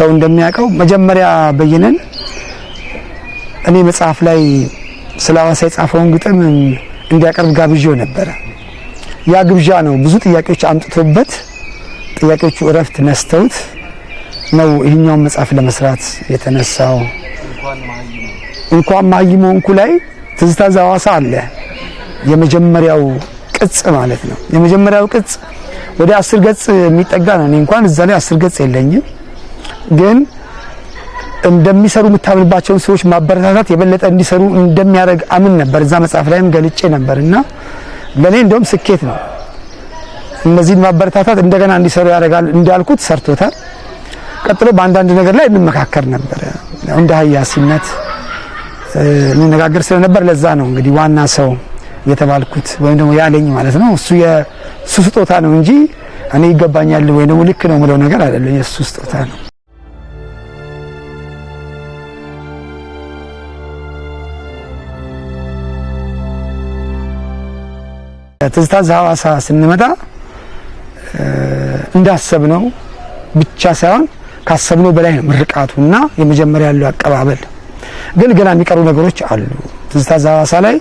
ሰው እንደሚያውቀው መጀመሪያ በየነን እኔ መጽሐፍ ላይ ስለ ሐዋሳ የጻፈውን ግጥም እንዲያቀርብ ጋብዤው ነበረ። ያ ግብዣ ነው ብዙ ጥያቄዎች አምጥቶበት ጥያቄዎቹ እረፍት ነስተውት ነው ይህኛውን መጽሐፍ ለመስራት የተነሳው። እንኳን መሀይም ሆንኩ ላይ ትዝታ ዘሐዋሳ አለ። የመጀመሪያው ቅጽ ማለት ነው። የመጀመሪያው ቅጽ ወደ አስር ገጽ የሚጠጋ ነው። እኔ እንኳን እዛ ላይ አስር ገጽ የለኝም። ግን እንደሚሰሩ የምታምንባቸውን ሰዎች ማበረታታት የበለጠ እንዲሰሩ እንደሚያደርግ አምን ነበር። እዛ መጽሐፍ ላይም ገልጬ ነበር እና ለእኔ እንደውም ስኬት ነው። እነዚህን ማበረታታት እንደገና እንዲሰሩ ያደርጋል። እንዳልኩት ሰርቶታል። ቀጥሎ በአንዳንድ ነገር ላይ እንመካከር ነበር እንደ ሀያሲነት እንነጋገር ስለነበር ለዛ ነው እንግዲህ ዋና ሰው የተባልኩት ወይም ደግሞ ያለኝ ማለት ነው። እሱ የእሱ ስጦታ ነው እንጂ እኔ ይገባኛል ወይም ደግሞ ልክ ነው የምለው ነገር አይደለም። የእሱ ስጦታ ነው። ትዝታዝ ሀዋሳ ስንመጣ እንዳሰብነው ብቻ ሳይሆን ካሰብነው በላይ ነው ምርቃቱና የመጀመሪያ ያለው አቀባበል። ግን ገና የሚቀሩ ነገሮች አሉ። ትዝታዝ ሀዋሳ ላይ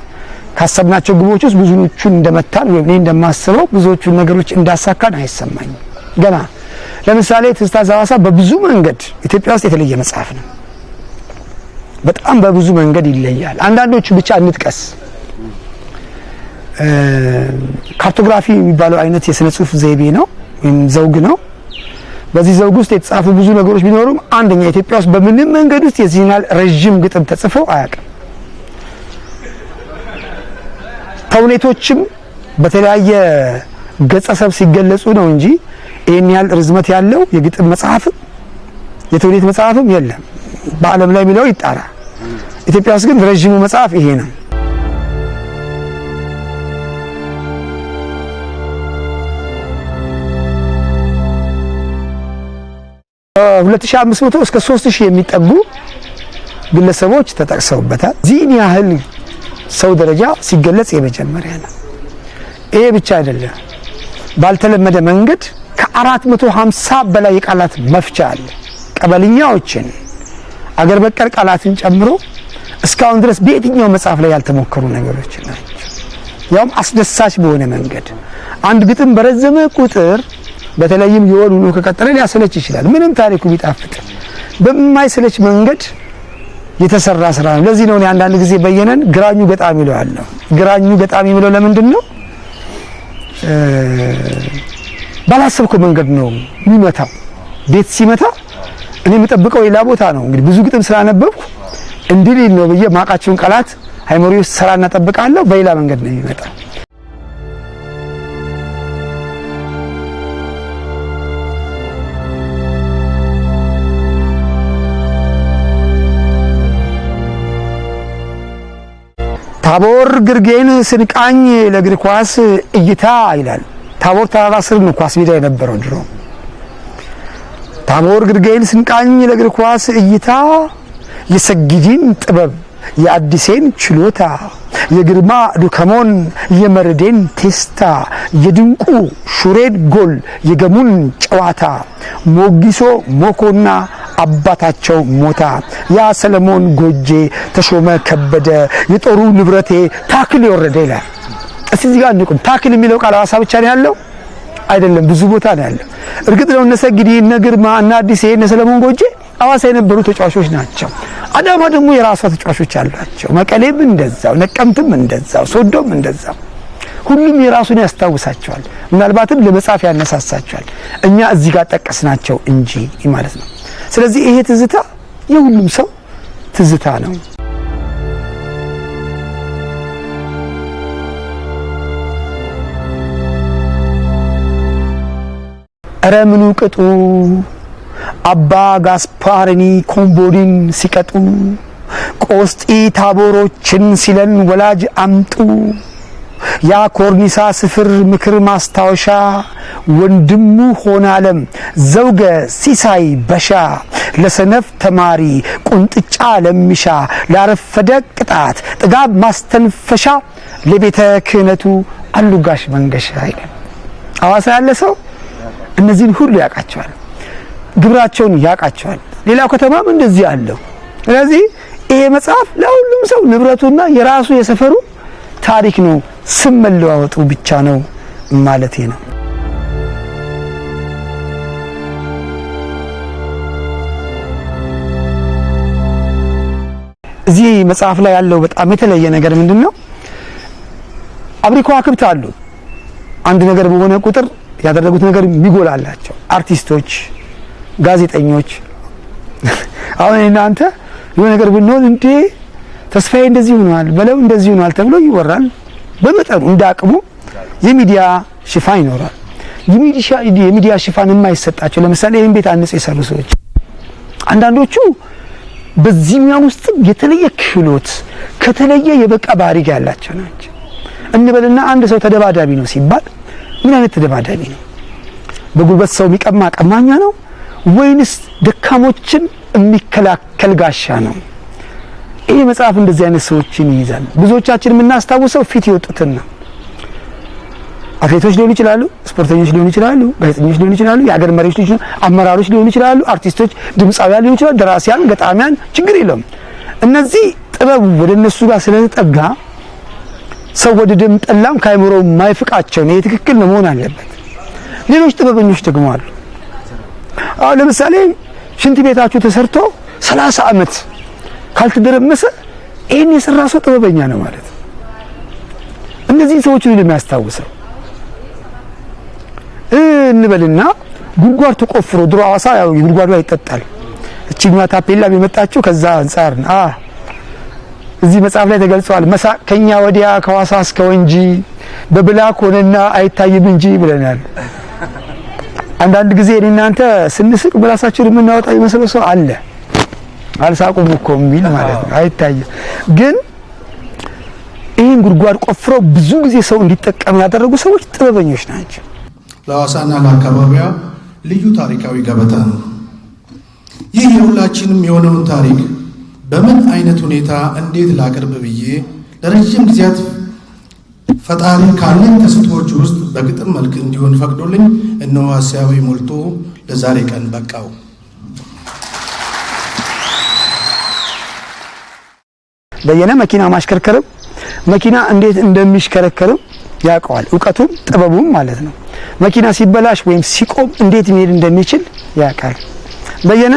ካሰብናቸው ግቦች ውስጥ ብዙዎቹን እንደመታን ወይም እኔ እንደማስበው ብዙዎቹን ነገሮች እንዳሳካን አይሰማኝም። ገና ለምሳሌ ትዝታዝ ሀዋሳ በብዙ መንገድ ኢትዮጵያ ውስጥ የተለየ መጽሐፍ ነው። በጣም በብዙ መንገድ ይለያል። አንዳንዶቹ ብቻ እንጥቀስ። ካርቶግራፊ የሚባለው አይነት የስነ ጽሁፍ ዘይቤ ነው ወይም ዘውግ ነው። በዚህ ዘውግ ውስጥ የተጻፉ ብዙ ነገሮች ቢኖሩም አንደኛ ኢትዮጵያ ውስጥ በምንም መንገድ ውስጥ የዚህን ያህል ረዥም ግጥም ተጽፎ አያውቅም። ተውኔቶችም በተለያየ ገጸሰብ ሲገለጹ ነው እንጂ ይህን ያህል ርዝመት ያለው የግጥም መጽሐፍም የተውኔት መጽሐፍም የለም። በዓለም ላይ የሚለው ይጣራ። ኢትዮጵያ ውስጥ ግን ረዥሙ መጽሐፍ ይሄ ነው። 2500 እስከ 3000 የሚጠጉ ግለሰቦች ተጠቅሰውበታል። እዚህን ያህል ሰው ደረጃ ሲገለጽ የመጀመሪያ ነው። ይሄ ብቻ አይደለም። ባልተለመደ መንገድ ከ450 በላይ የቃላት መፍቻ አለ። ቀበልኛዎችን አገር በቀል ቃላትን ጨምሮ እስካሁን ድረስ በየትኛው መጽሐፍ ላይ ያልተሞከሩ ነገሮች ናቸው። ያውም አስደሳች በሆነ መንገድ አንድ ግጥም በረዘመ ቁጥር በተለይም የወል ውሎ ከቀጠለ ሊያሰለች ይችላል። ምንም ታሪኩ ቢጣፍጥ በማይሰለች መንገድ የተሰራ ስራ ነው። ለዚህ ነው አንዳንድ ጊዜ በየነን ግራኙ ገጣሚ ይለዋል ነው። ግራኙ ገጣሚ የሚለው ለምንድን ነው? ባላሰብኩ መንገድ ነው የሚመታው። ቤት ሲመታ እኔ የምጠብቀው ሌላ ቦታ ነው። እንግዲህ ብዙ ግጥም ስላነበብኩ እንዲህ ሊል ነው ብዬ ማቃቸውን ቃላት አይመሪው ስራ እናጠብቃለሁ። በሌላ መንገድ ነው የሚመጣው። ታቦር ግርጌን ስንቃኝ ለእግር ኳስ እይታ ይላል። ታቦር ተራራ ስር ነው ኳስ ሜዳ የነበረው ድሮ። ታቦር ግርጌን ስንቃኝ ለእግር ኳስ እይታ የሰጊዲን ጥበብ የአዲሴን ችሎታ የግርማ ዱከሞን የመርዴን ቴስታ የድንቁ ሹሬን ጎል የገሙን ጨዋታ ሞጊሶ ሞኮና አባታቸው ሞታ ያ ሰለሞን ጎጄ ተሾመ ከበደ የጦሩ ንብረቴ ታክል የወረደ ይላል። እስቲ እዚህ ጋር እንቁም። ታክል የሚለው ቃል ሐዋሳ ብቻ ነው ያለው አይደለም፣ ብዙ ቦታ ነው ያለው። እርግጥ ነው እነ ሰግድ፣ እነ ግርማ፣ እነ አዲስ፣ እነ ሰለሞን ጎጄ ሐዋሳ የነበሩ ተጫዋቾች ናቸው። አዳማ ደግሞ የራሷ ተጫዋቾች አሏቸው። መቀሌም እንደዛው፣ ነቀምትም እንደዛው፣ ሶዶም እንደዛው። ሁሉም የራሱን ያስታውሳቸዋል። ምናልባትም ለመጻፍ ያነሳሳቸዋል። እኛ እዚህ ጋር ጠቀስናቸው እንጂ ማለት ነው። ስለዚህ ይሄ ትዝታ የሁሉም ሰው ትዝታ ነው። እረ ምኑ ቅጡ አባ ጋስፓርኒ ኮምቦዲን ሲቀጡ ቆስጢ ታቦሮችን ሲለን ወላጅ አምጡ ያ ኮርኒሳ ስፍር ምክር ማስታወሻ ወንድሙ ሆነ አለም ዘውገ ሲሳይ በሻ ለሰነፍ ተማሪ ቁንጥጫ ለሚሻ ላረፈደ ቅጣት ጥጋብ ማስተንፈሻ ለቤተ ክህነቱ አሉጋሽ መንገሻ ይላል። አዋሳ ያለ ሰው እነዚህን ሁሉ ያውቃቸዋል፣ ግብራቸውን ያውቃቸዋል። ሌላው ከተማም እንደዚህ አለው። ስለዚህ ይሄ መጽሐፍ ለሁሉም ሰው ንብረቱና የራሱ የሰፈሩ ታሪክ ነው፣ ስም መለዋወጡ ብቻ ነው ማለቴ ነው። እዚህ መጽሐፍ ላይ ያለው በጣም የተለየ ነገር ምንድን ነው? አብሪ ከዋክብት አሉ። አንድ ነገር በሆነ ቁጥር ያደረጉት ነገር የሚጎላላቸው አርቲስቶች፣ ጋዜጠኞች አሁን እናንተ የሆነ ነገር ብንሆን እንዴ ተስፋዬ እንደዚህ ሆኗል፣ በለው እንደዚህ ሆኗል ተብሎ ይወራል። በመጠኑ እንደ አቅሙ የሚዲያ ሽፋን ይኖራል። የሚዲያ ሽፋን የማይሰጣቸው ለምሳሌ ይህን ቤት አንጽ የሰሩ ሰዎች አንዳንዶቹ በዚህ ሙያ ውስጥ የተለየ ክህሎት ከተለየ የበቃ ባህሪ ጋር ያላቸው ናቸው እንበልና አንድ ሰው ተደባዳቢ ነው ሲባል ምን አይነት ተደባዳቢ ነው? በጉልበት ሰው የሚቀማ ቀማኛ ነው ወይንስ ደካሞችን የሚከላከል ጋሻ ነው? ይሄ መጽሐፍ እንደዚህ አይነት ሰዎችን ይይዛል። ብዙዎቻችን የምናስታውሰው ፊት የወጡትን ነው። አትሌቶች ሊሆኑ ይችላሉ፣ ስፖርተኞች ሊሆኑ ይችላሉ፣ ጋዜጠኞች ሊሆኑ ይችላሉ፣ የሀገር መሪዎች ሊሆኑ ይችላሉ፣ አመራሮች ሊሆኑ ይችላሉ፣ አርቲስቶች፣ ድምፃውያን ሊሆኑ ይችላሉ፣ ደራሲያን፣ ገጣሚያን፣ ችግር የለውም። እነዚህ ጥበቡ ወደ እነሱ ጋር ስለተጠጋ ሰው ወደ ደም ጠላም ከአይምሮ የማይፍቃቸው ነው። ትክክል ነው፣ መሆን አለበት። ሌሎች ጥበበኞች ደግሞ አሉ። አሁን ለምሳሌ ሽንት ቤታችሁ ተሰርቶ ሰላሳ አመት። ካልተደረመሰ ይህን የሰራ ሰው ጥበበኛ ነው ማለት ነው። እነዚህን ሰዎች ነው የሚያስታውሰው። እንበልና ጉድጓድ ተቆፍሮ ድሮ አዋሳ ያው ጉድጓዱ ይጠጣል። እችኛ ታፔላ የመጣችው ከዛ አንጻር አ እዚህ መጽሐፍ ላይ ተገልጿል። መሳቅ ከኛ ወዲያ ከዋሳ እስከ ወንጂ በብላክ ሆነና አይታይም እንጂ ብለናል። አንዳንድ ጊዜ እኔ እናንተ ስንስቅ በራሳችን የምናወጣ ይመስለው ሰው አለ። አልሳቁም እኮ የሚል ማለት ነው። አይታይም ግን ይህን ጉድጓድ ቆፍረው ብዙ ጊዜ ሰው እንዲጠቀም ያደረጉ ሰዎች ጥበበኞች ናቸው። ለሐዋሳና ለአካባቢያ ልዩ ታሪካዊ ገበታ ነው። ይህ የሁላችንም የሆነውን ታሪክ በምን አይነት ሁኔታ እንዴት ላቅርብ ብዬ ለረጅም ጊዜያት ፈጣሪ ካለኝ ተስጦዎች ውስጥ በግጥም መልክ እንዲሆን ፈቅዶልኝ እነሆ ሐሳቤ ሞልቶ ለዛሬ ቀን በቃው። በየነ መኪና ማሽከርከርም መኪና እንዴት እንደሚሽከረከርም ያውቀዋል። እውቀቱም ጥበቡም ማለት ነው። መኪና ሲበላሽ ወይም ሲቆም እንዴት መሄድ እንደሚችል ያውቃል። በየነ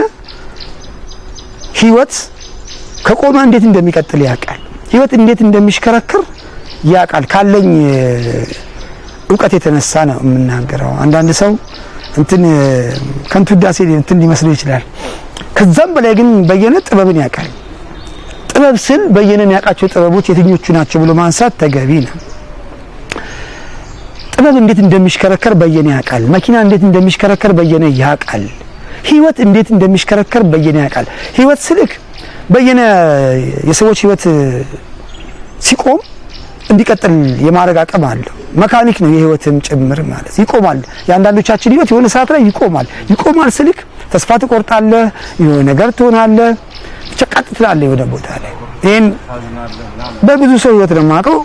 ህይወት ከቆመ እንዴት እንደሚቀጥል ያውቃል። ህይወት እንዴት እንደሚሽከረክር ያውቃል። ካለኝ እውቀት የተነሳ ነው የምናገረው። አንዳንድ ሰው እንትን ከንቱ ዳሴ እንትን ሊመስል ይችላል። ከዛም በላይ ግን በየነ ጥበብን ያውቃል። ጥበብ ስል በየነ ያውቃቸው ጥበቦች የትኞቹ ናቸው ብሎ ማንሳት ተገቢ ነው። ጥበብ እንዴት እንደሚሽከረከር በየነ ያውቃል። መኪና እንዴት እንደሚሽከረከር በየነ ያውቃል። ህይወት እንዴት እንደሚሽከረከር በየነ ያውቃል። ህይወት ስልክ በየነ የሰዎች ህይወት ሲቆም እንዲቀጥል የማድረግ አቅም አለው። መካኒክ ነው የህይወትም ጭምር ማለት ይቆማል። የአንዳንዶቻችን ህይወት የሆነ ሰዓት ላይ ይቆማል። ይቆማል ስልክ ተስፋ ትቆርጣለህ፣ የሆነ ነገር ትሆናለህ ጨቃጥ ትላለህ የሆነ ቦታ ላይ ይሄን በብዙ ሰው ህይወት ነው የማውቀው።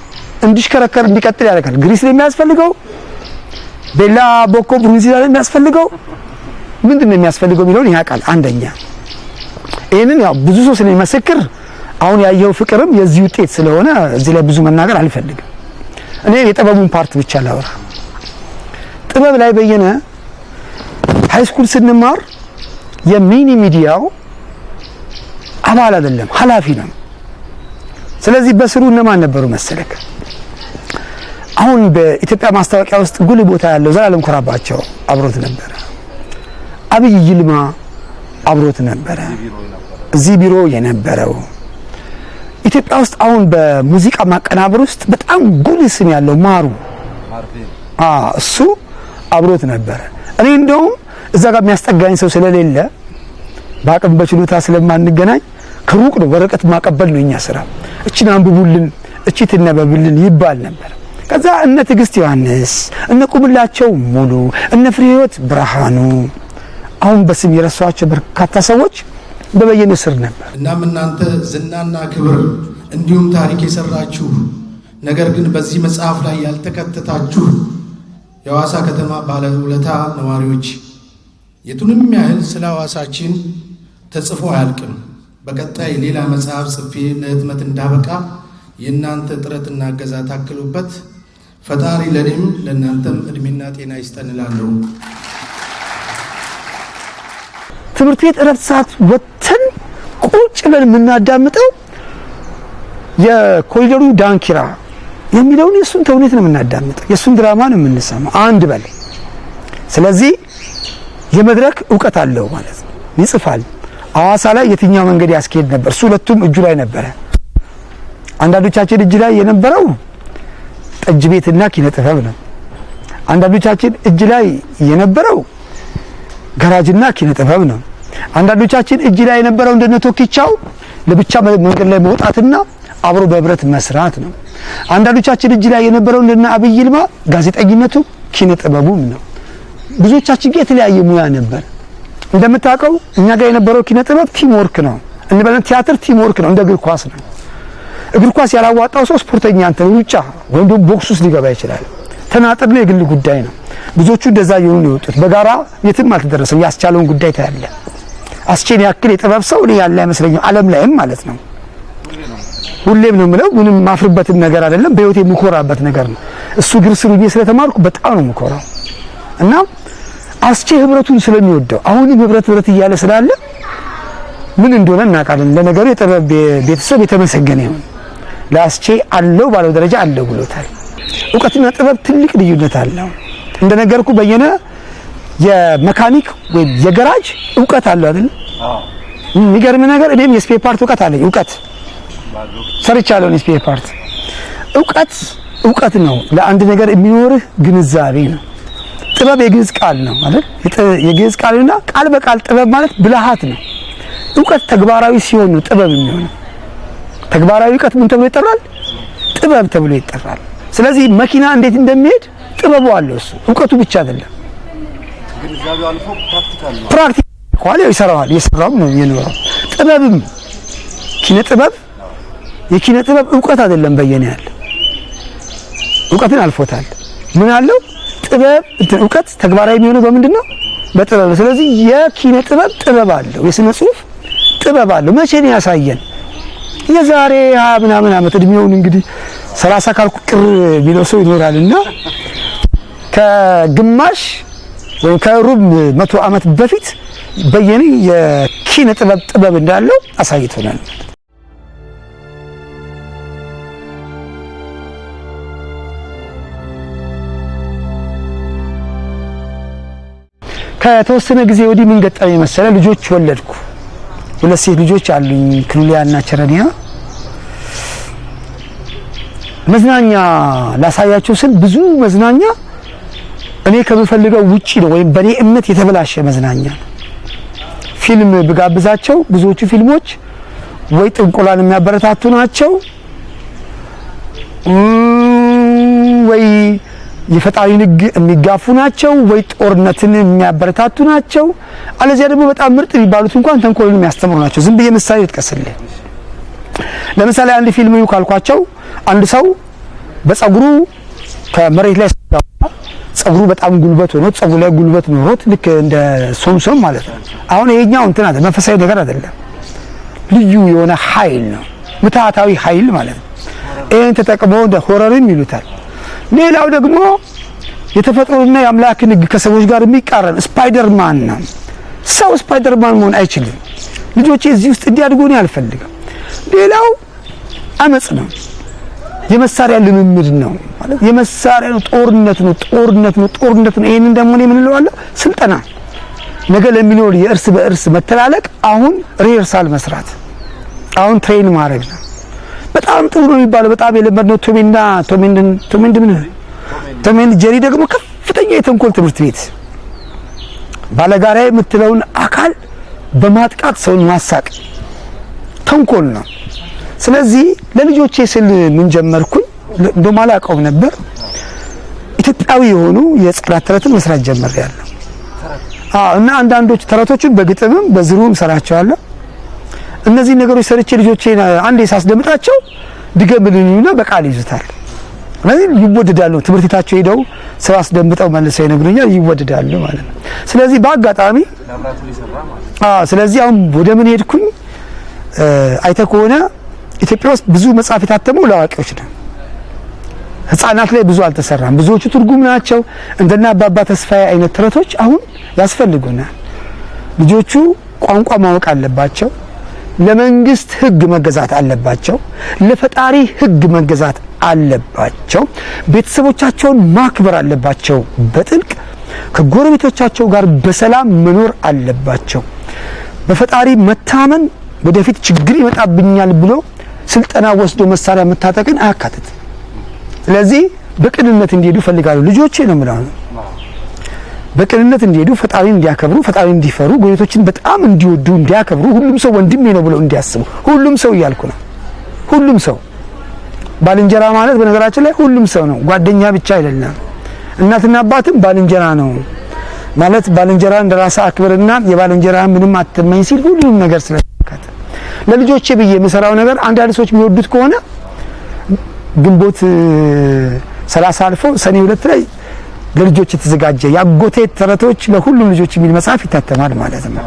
እንዲሽከረከር እንዲቀጥል ያደርጋል። ግሪስ ነው የሚያስፈልገው፣ ቤላ ቦኮ ብሩንዚ ነው የሚያስፈልገው፣ ምንድን ነው የሚያስፈልገው የሚለውን ያውቃል። አንደኛ ይሄንን ያው ብዙ ሰው ስለሚመሰክር አሁን ያየው ፍቅርም የዚህ ውጤት ስለሆነ እዚህ ላይ ብዙ መናገር አልፈልግም። እኔ የጥበቡን ፓርት ብቻ ላወራ። ጥበብ ላይ በየነ ሃይስኩል ስንማር የሚኒ ሚዲያው አባል አይደለም፣ ኃላፊ ነው። ስለዚህ በስሩ እነማን ነበሩ መሰለክ? አሁን በኢትዮጵያ ማስታወቂያ ውስጥ ጉልህ ቦታ ያለው ዘላለም ኩራባቸው አብሮት ነበረ። አብይ ይልማ አብሮት ነበረ። እዚህ ቢሮ የነበረው ኢትዮጵያ ውስጥ አሁን በሙዚቃ ማቀናበር ውስጥ በጣም ጉልህ ስም ያለው ማሩ እሱ አብሮት ነበረ። እኔ እንደውም እዛ ጋር የሚያስጠጋኝ ሰው ስለሌለ በአቅም በችሎታ ስለማንገናኝ ከሩቅ ነው ወረቀት ማቀበል ነው እኛ ስራ። እችን አንብቡልን፣ እቺ ትነበብልን ይባል ነበር። ከዛ እነ ትዕግስት ዮሐንስ፣ እነ ቁምላቸው ሙሉ፣ እነ ፍሬ ህይወት ብርሃኑ አሁን በስም የረሷቸው በርካታ ሰዎች በበየነ ስር ነበር። እናም እናንተ ዝናና ክብር እንዲሁም ታሪክ የሰራችሁ ነገር ግን በዚህ መጽሐፍ ላይ ያልተከተታችሁ የሐዋሳ ከተማ ባለውለታ ነዋሪዎች የቱንም ያህል ስለ ሐዋሳችን ተጽፎ አያልቅም። በቀጣይ ሌላ መጽሐፍ ጽፌ ለህትመት እንዳበቃ የእናንተ ጥረትና እገዛ ታክሉበት። ፈጣሪ ለእኔም ለእናንተም እድሜና ጤና ይስጠንላለሁ። ትምህርት ቤት እረፍት ሰዓት ወጥተን ቁጭ ብለን የምናዳምጠው የኮሪደሩ ዳንኪራ የሚለውን የእሱን ተውኔት ነው የምናዳምጠው፣ የእሱን ድራማ ነው የምንሰማው። አንድ በል። ስለዚህ የመድረክ እውቀት አለው ማለት ነው፣ ይጽፋል ሐዋሳ ላይ የትኛው መንገድ ያስኬድ ነበር? እሱ ሁለቱም እጁ ላይ ነበረ። አንዳንዶቻችን እጅ ላይ የነበረው ጠጅ ቤትና ኪነ ጥበብ ነው። አንዳንዶቻችን እጅ ላይ የነበረው ገራጅና ኪነ ጥበብ ነው። አንዳንዶቻችን እጅ ላይ የነበረው እንደነ ቶኪቻው ለብቻ መንገድ ላይ መውጣትና አብሮ በህብረት መስራት ነው። አንዳንዶቻችን እጅ ላይ የነበረው እንደነ አብይ ይልማ ጋዜጠኝነቱ ኪነ ጥበቡም ነው። ብዙዎቻችን ጋር የተለያየ ሙያ ነበር። እንደምታውቀው እኛ ጋር የነበረው ኪነ ጥበብ ቲም ወርክ ነው እንበለን። ቲያትር ቲም ነው፣ እንደ እግር ኳስ ነው። እግር ኳስ ያላዋጣው ሰው ስፖርተኛ እንትን ሩጫ ወይም ደግሞ ቦክስ ውስጥ ሊገባ ይችላል። ተናጥር ነው፣ የግል ጉዳይ ነው። ብዙዎቹ እንደዛ እየሆኑ ነው የወጡት። በጋራ የትም አልተደረሰም። ያስቻለውን ጉዳይ ታያለ። አስቼን ያክል የጥበብ ሰው እኔ ያለ አይመስለኝም፣ ዓለም ላይም ማለት ነው። ሁሌም ነው የምለው፣ ምንም ማፍርበትም ነገር አይደለም። በህይወት የምኮራበት ነገር ነው። እሱ ግር ስሩኝ ስለተማርኩ በጣም ነው የምኮራው እና አስቼ ህብረቱን ስለሚወደው አሁንም ህብረት ህብረት እያለ ስላለ ምን እንደሆነ እናውቃለን። ለነገሩ የጥበብ ቤተሰብ የተመሰገነ ይሁን። ለአስቼ አለው ባለው ደረጃ አለው ብሎታል። እውቀትና ጥበብ ትልቅ ልዩነት አለው። እንደነገርኩ በየነ የመካኒክ ወይም የገራጅ እውቀት አለው አይደል? የሚገርም ነገር እኔም የስፔር ፓርት እውቀት አለኝ። እውቀት ሰርቻለሁ። የስፔር ፓርት እውቀት እውቀት ነው። ለአንድ ነገር የሚኖርህ ግንዛቤ ነው። ጥበብ የግዕዝ ቃል ነው ማለት የግዕዝ ቃልና ቃል በቃል ጥበብ ማለት ብልሃት ነው። እውቀት ተግባራዊ ሲሆን ነው ጥበብ የሚሆነው። ተግባራዊ እውቀት ምን ተብሎ ይጠራል? ጥበብ ተብሎ ይጠራል። ስለዚህ መኪና እንዴት እንደሚሄድ ጥበቡ አለው እሱ እውቀቱ ብቻ አይደለም። ፕራክቲካል ይሰራዋል የሰራም ነው የኖረው። ጥበብም ኪነ ጥበብ የኪነ ጥበብ እውቀት አይደለም በየነ ያለ እውቀትን አልፎታል። ምን አለው ጥበብ እውቀት ተግባራዊ የሚሆነው በምንድን ነው? በጥበብ ስለዚህ የኪነ ጥበብ ጥበብ አለው፣ የስነ ጽሁፍ ጥበብ አለው። መቼ ነው ያሳየን? የዛሬ ሀያ ምናምን ዓመት እድሜውን እንግዲህ ሰላሳ ካልኩ ቅር የሚለው ሰው ይኖራልና ከግማሽ ወይም ከሩብ መቶ ዓመት በፊት በየኔ የኪነ ጥበብ ጥበብ እንዳለው አሳይቶናል። ከተወሰነ ጊዜ ወዲህ ምን ገጠመኝ መሰለ፣ ልጆች ወለድኩ። ሁለት ሴት ልጆች አሉኝ፣ ክሉሊያ እና ቸረኒያ። መዝናኛ ላሳያቸው ስል ብዙ መዝናኛ እኔ ከምፈልገው ውጪ ነው፣ ወይም በእኔ እምነት የተበላሸ መዝናኛ ነው። ፊልም ብጋብዛቸው ብዙዎቹ ፊልሞች ወይ ጥንቆላን የሚያበረታቱ ናቸው ወይ የፈጣሪን ንግ የሚጋፉ ናቸው ወይ ጦርነትን የሚያበረታቱ ናቸው፣ አለዚያ ደግሞ በጣም ምርጥ የሚባሉት እንኳን ተንኮልን የሚያስተምሩ ናቸው። ዝም ብዬ ምሳሌ ልጥቀስልህ። ለምሳሌ አንድ ፊልም እዩ ካልኳቸው አንድ ሰው በጸጉሩ ከመሬት ላይ ጸጉሩ በጣም ጉልበት ሆኖ ጸጉሩ ላይ ጉልበት ኖሮት ልክ እንደ ሶምሶም ማለት ነው። አሁን ይሄኛው እንትን አለ መንፈሳዊ ነገር አይደለም፣ ልዩ የሆነ ኃይል ነው፣ ምታታዊ ኃይል ማለት ነው። ይሄን ተጠቅሞ እንደ ሆረርም ይሉታል ሌላው ደግሞ የተፈጥሮና የአምላክን ህግ ከሰዎች ጋር የሚቃረን ስፓይደርማን ነው። ሰው ስፓይደርማን መሆን አይችልም። ልጆቼ እዚህ ውስጥ እንዲያድጉ እኔ አልፈልግም። ሌላው አመጽ ነው። የመሳሪያ ልምምድ ነው ማለት የመሳሪያ ነው። ጦርነት ነው። ጦርነት ነው። ጦርነት ነው። ይሄንን ደግሞ እኔ ምን እለዋለሁ? ስልጠና ነገ ለሚኖር የእርስ በእርስ መተላለቅ አሁን ሪሄርሳል መስራት፣ አሁን ትሬን ማድረግ ነው። በጣም ጥሩ ነው የሚባለው። በጣም ነው። ቶሜንና ቶሜንድን ቶሜንድ ምን ቶሜንድ ጀሪ ደግሞ ከፍተኛ የተንኮል ትምህርት ቤት ባለጋራ የምትለውን አካል በማጥቃት ሰውን ማሳቅ ተንኮል ነው። ስለዚህ ለልጆቼ ስል ምን ጀመርኩኝ እንደውም አላውቀውም ነበር። ኢትዮጵያዊ የሆኑ የሕፃናት ተረትን መስራት ጀመር ያለው እና አንዳንዶች ተረቶችን በግጥምም በዝሩም ሰራቸዋለሁ። እነዚህ ነገሮች ሰርቼ ልጆቼ አንዴ ሳስደምጣቸው ድገምልኝና በቃል ይዙታል። ስለዚህ ይወደዳሉ። ትምህርት ቤታቸው ሄደው ስራ አስደምጠው መልሰው ይነግሩኛል። ይወደዳሉ ማለት ነው። ስለዚህ በአጋጣሚ ስለዚህ አሁን ወደ ምን ሄድኩኝ? አይተ ከሆነ ኢትዮጵያ ውስጥ ብዙ መጽሐፍ የታተመው ለአዋቂዎች ነው። ህጻናት ላይ ብዙ አልተሰራም። ብዙዎቹ ትርጉም ናቸው። እንደና አባባ ተስፋዬ አይነት ተረቶች አሁን ያስፈልጉናል። ልጆቹ ቋንቋ ማወቅ አለባቸው። ለመንግስት ህግ መገዛት አለባቸው። ለፈጣሪ ህግ መገዛት አለባቸው። ቤተሰቦቻቸውን ማክበር አለባቸው በጥልቅ ከጎረቤቶቻቸው ጋር በሰላም መኖር አለባቸው። በፈጣሪ መታመን ወደፊት ችግር ይመጣብኛል ብሎ ስልጠና ወስዶ መሳሪያ መታጠቅን አያካትት። ስለዚህ በቅንነት እንዲሄዱ ፈልጋሉ ልጆቼ ነው የምለው በቅንነት እንዲሄዱ ፈጣሪን እንዲያከብሩ ፈጣሪን እንዲፈሩ ጎረቤቶችን በጣም እንዲወዱ እንዲያከብሩ ሁሉም ሰው ወንድሜ ነው ብለው እንዲያስቡ ሁሉም ሰው እያልኩ ነው ሁሉም ሰው ባልንጀራ ማለት በነገራችን ላይ ሁሉም ሰው ነው ጓደኛ ብቻ አይደለም እናትና አባትም ባልንጀራ ነው ማለት ባልንጀራ እንደራስህ አክብርና የባልንጀራ ምንም አትመኝ ሲል ሁሉም ነገር ስለተካተ ለልጆቼ ብዬ የምሰራው ነገር አንዳንድ ሰዎች የሚወዱት ከሆነ ግንቦት ሰላሳ አልፎ ሰኔ ሁለት ላይ ለልጆች የተዘጋጀ የአጎቴ ተረቶች ለሁሉም ልጆች የሚል መጽሐፍ ይታተማል ማለት ነው።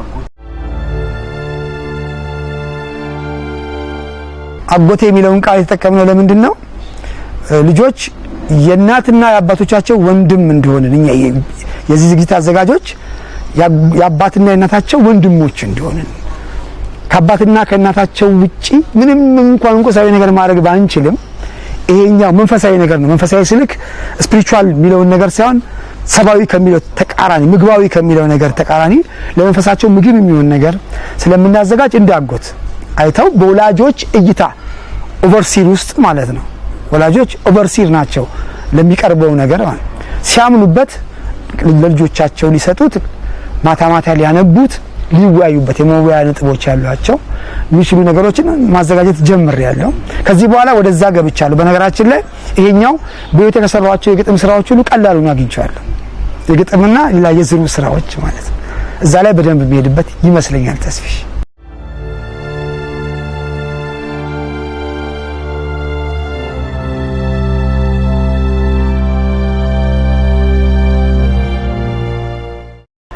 አጎቴ የሚለውን ቃል የተጠቀምነው ለምንድን ነው? ልጆች የእናትና የአባቶቻቸው ወንድም እንደሆንን እኛ የዚህ ዝግጅት አዘጋጆች የአባትና የእናታቸው ወንድሞች እንደሆንን ከአባትና ከእናታቸው ውጪ ምንም እንኳን ቁሳዊ ነገር ማድረግ ባንችልም ይሄኛው መንፈሳዊ ነገር ነው። መንፈሳዊ ስልክ ስፒሪቹዋል የሚለውን ነገር ሳይሆን ሰብአዊ ከሚለው ተቃራኒ ምግባዊ ከሚለው ነገር ተቃራኒ ለመንፈሳቸው ምግብ የሚሆን ነገር ስለምናዘጋጅ እንዳጎት አይተው በወላጆች እይታ ኦቨርሲር ውስጥ ማለት ነው። ወላጆች ኦቨርሲር ናቸው ለሚቀርበው ነገር ማለት ሲያምኑበት ለልጆቻቸው ሊሰጡት ማታ ማታ ሊያነቡት ሊወያዩበት የመወያያ ነጥቦች ያሏቸው የሚችሉ ነገሮችን ማዘጋጀት ጀምር ያለው ከዚህ በኋላ ወደዛ ገብቻለሁ። በነገራችን ላይ ይሄኛው በህይወት የሰሯቸው የግጥም ስራዎች ሁሉ ቀላሉን አግኝቼዋለሁ። የግጥምና ሌላ የዝሩ ስራዎች ማለት ነው። እዛ ላይ በደንብ የሚሄድበት ይመስለኛል ተስፊሽ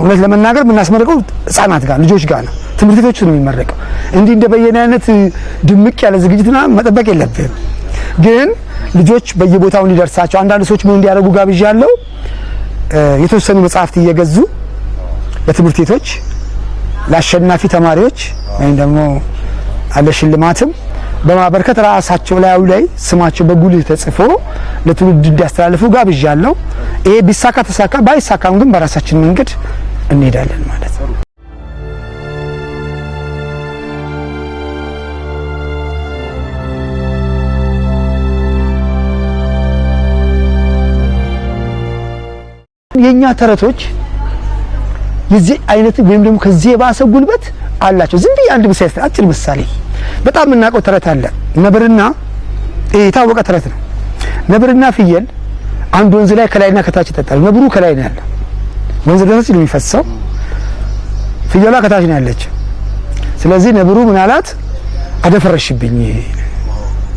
እውነት ለመናገር የምናስመርቀው ህጻናት ጋር ልጆች ጋር ነው፣ ትምህርት ቤቶች ነው የሚመረቀው። እንዲህ እንደ በየኔ አይነት ድምቅ ያለ ዝግጅትና መጠበቅ የለብህም። ግን ልጆች በየቦታው እንዲደርሳቸው አንዳንድ ሰዎች ምን እንዲያደርጉ ጋብዣ ያለው የተወሰኑ መጽሐፍት እየገዙ ለትምህርት ቤቶች ለአሸናፊ ተማሪዎች ወይም ደግሞ አለ ሽልማትም በማበርከት ራሳቸው ላዩ ላይ ስማቸው በጉልህ ተጽፎ ለትውልድ እንዲያስተላልፉ ጋብዣ ያለው። ይሄ ቢሳካ ተሳካ፣ ባይሳካም ግን በራሳችን መንገድ እንሄዳለን ማለት ነው። የእኛ ተረቶች የዚህ አይነት ወይም ደግሞ ከዚህ የባሰ ጉልበት አላቸው። ዝም ብዬ አንድ ምሳሌ አጭር ምሳሌ በጣም የምናውቀው ተረት አለ። ነብርና የታወቀ ተረት ነው። ነብርና ፍየል አንድ ወንዝ ላይ ከላይና ከታች ይጠጣሉ። ነብሩ ከላይ ነው ያለው ወንዝ ነው የሚፈሰው ፍየሏ ከታች ነው ያለች። ስለዚህ ነብሩ ምናላት አደፈረሽብኝ።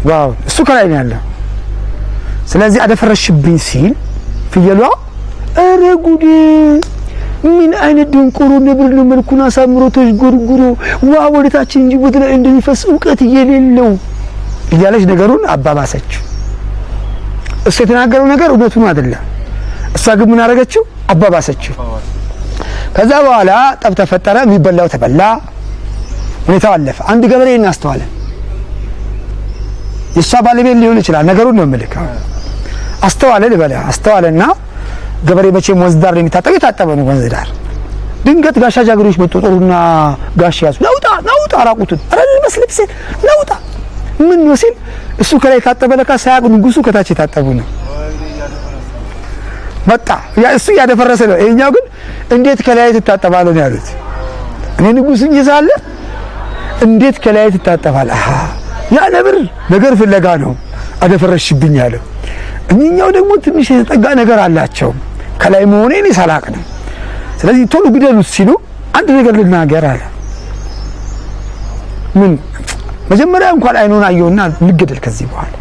ዋው እሱ ከላይ ነው ያለው። ስለዚህ አደፈረሽብኝ ሲል ፍየሏ እረ ጉዴ ምን አይነት ደንቆሮ ነብር ነው መልኩን አሳምሮቶች ጎርጉሮ ዋ ወደታችን እንጂ ወደ ላይ እንደሚፈስ እውቀት የሌለው እያለች ነገሩን አባባሰች። እሱ የተናገረው ነገር እውነቱን አይደለም። እሷ ግን ምን አደረገችው? አባባሰችው። ከዛ በኋላ ጠብ ተፈጠረ። የሚበላው ተበላ፣ ሁኔታው አለፈ። አንድ ገበሬ እናስተዋለን። የእሷ ባለቤት ሊሆን ይችላል። ነገሩን ነው የምልህ። አስተዋለ ልበልህ። አስተዋለና ገበሬ መቼም ወንዝ ዳር ነው የሚታጠበው፣ የታጠበ ነው ወንዝ ዳር። ድንገት ጋሻ ጃግሬዎች መጡ። ጦሩና ጋሻ ያዙ። ናውጣ ናውጣ፣ ራቁቱን ረልመስ ልብሴ ናውጣ ምን ነው ሲል እሱ ከላይ የታጠበ ለካ ሳያውቅ ንጉሱ ከታች የታጠቡ ነው መጣ እሱ እያደፈረሰ ነው። ይሄኛው ግን እንዴት ከላይ ትታጠባለህ ነው ያሉት። እኔ ንጉሥ እንጂ ሳለ እንዴት ከላይ ትታጠባለህ? ያ ነብር ነገር ፍለጋ ነው አደፈረሽብኝ አለ። እኛው ደግሞ ትንሽ የተጠጋ ነገር አላቸው። ከላይ መሆኔ እኔ ሳላቅ ነው። ስለዚህ ቶሎ ግደሉት ሲሉ አንድ ነገር ልናገር አለ። ምን መጀመሪያ እንኳን አይኑን አየውና ልገደል ከዚህ በኋላ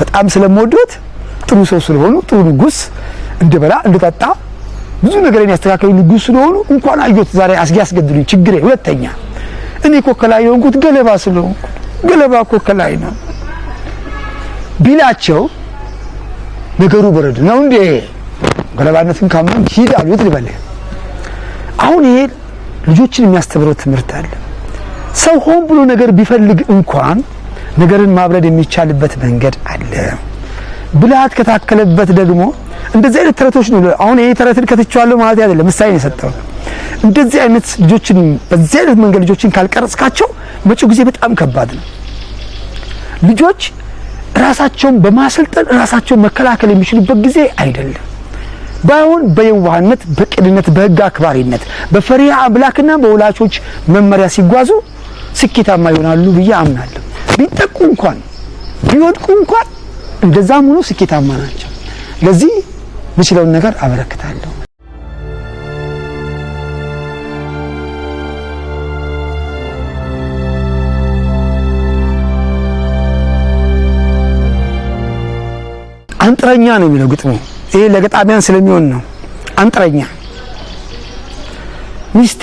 በጣም ስለምወዶት ጥሩ ሰው ስለሆኑ ጥሩ ንጉሥ እንድበላ እንድጠጣ ብዙ ነገር ያስተካከሉ ንጉስ ስለሆኑ እንኳን አየሁት ዛሬ አስጊ ያስገድሉኝ ችግሬ። ሁለተኛ እኔ እኮ ከላይ የሆንኩት ገለባ ስለሆንኩ ገለባ እኮ ከላይ ነው ቢላቸው ነገሩ በረድ ነው እንዴ ገለባነትን ካመን ሂድ አሉት ልበልህ። አሁን ይሄ ልጆችን የሚያስተምረው ትምህርት አለ። ሰው ሆን ብሎ ነገር ቢፈልግ እንኳን ነገርን ማብረድ የሚቻልበት መንገድ አለ። ብልሃት ከታከለበት ደግሞ እንደዚህ አይነት ተረቶች ነው። አሁን ይሄ ተረትን ከትቼዋለሁ ማለት አይደለም፣ ምሳሌ ነው የሰጠው። እንደዚህ አይነት ልጆችን በዚህ አይነት መንገድ ልጆችን ካልቀረጽካቸው መጪው ጊዜ በጣም ከባድ ነው። ልጆች ራሳቸውን በማሰልጠን ራሳቸውን መከላከል የሚችሉበት ጊዜ አይደለም። ባይሆን በየዋህነት፣ በቅድነት በህግ አክባሪነት፣ በፈሪሃ አምላክና በወላጆች መመሪያ ሲጓዙ ስኬታማ ይሆናሉ ብዬ አምናለሁ። ቢጠቁ እንኳን ቢወድቁ እንኳን እንደዛም ሆኖ ስኬታማ ናቸው። ለዚህ የምችለውን ነገር አበረክታለሁ። አንጥረኛ ነው የሚለው ግጥሙ። ይህ ለገጣሚያን ስለሚሆን ነው። አንጥረኛ ሚስቴ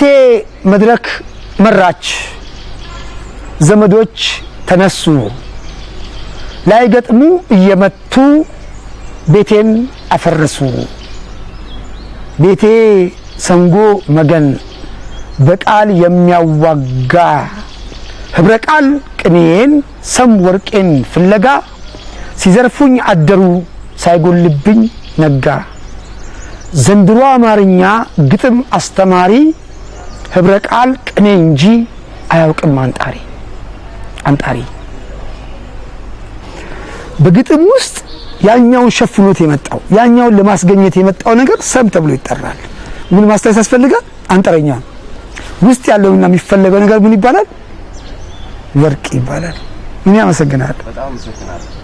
መድረክ መራች፣ ዘመዶች ተነሱ፣ ላይ ገጥሙ እየመቱ ቤቴን አፈረሱ። ቤቴ ሰንጎ መገን በቃል የሚያዋጋ ህብረ ቃል ቅኔን ሰም ወርቄን ፍለጋ ሲዘርፉኝ አደሩ ሳይጎልብኝ ነጋ። ዘንድሮ አማርኛ ግጥም አስተማሪ ህብረ ቃል ቅኔ እንጂ አያውቅም አንጣሪ አንጣሪ በግጥም ውስጥ ያኛውን ሸፍኖት የመጣው ያኛውን ለማስገኘት የመጣው ነገር ሰም ተብሎ ይጠራል። ምን ማስታወስ ያስፈልጋል? አንጥረኛ ውስጥ ያለውና የሚፈለገው ነገር ምን ይባላል? ወርቅ ይባላል። እኔ አመሰግናለሁ።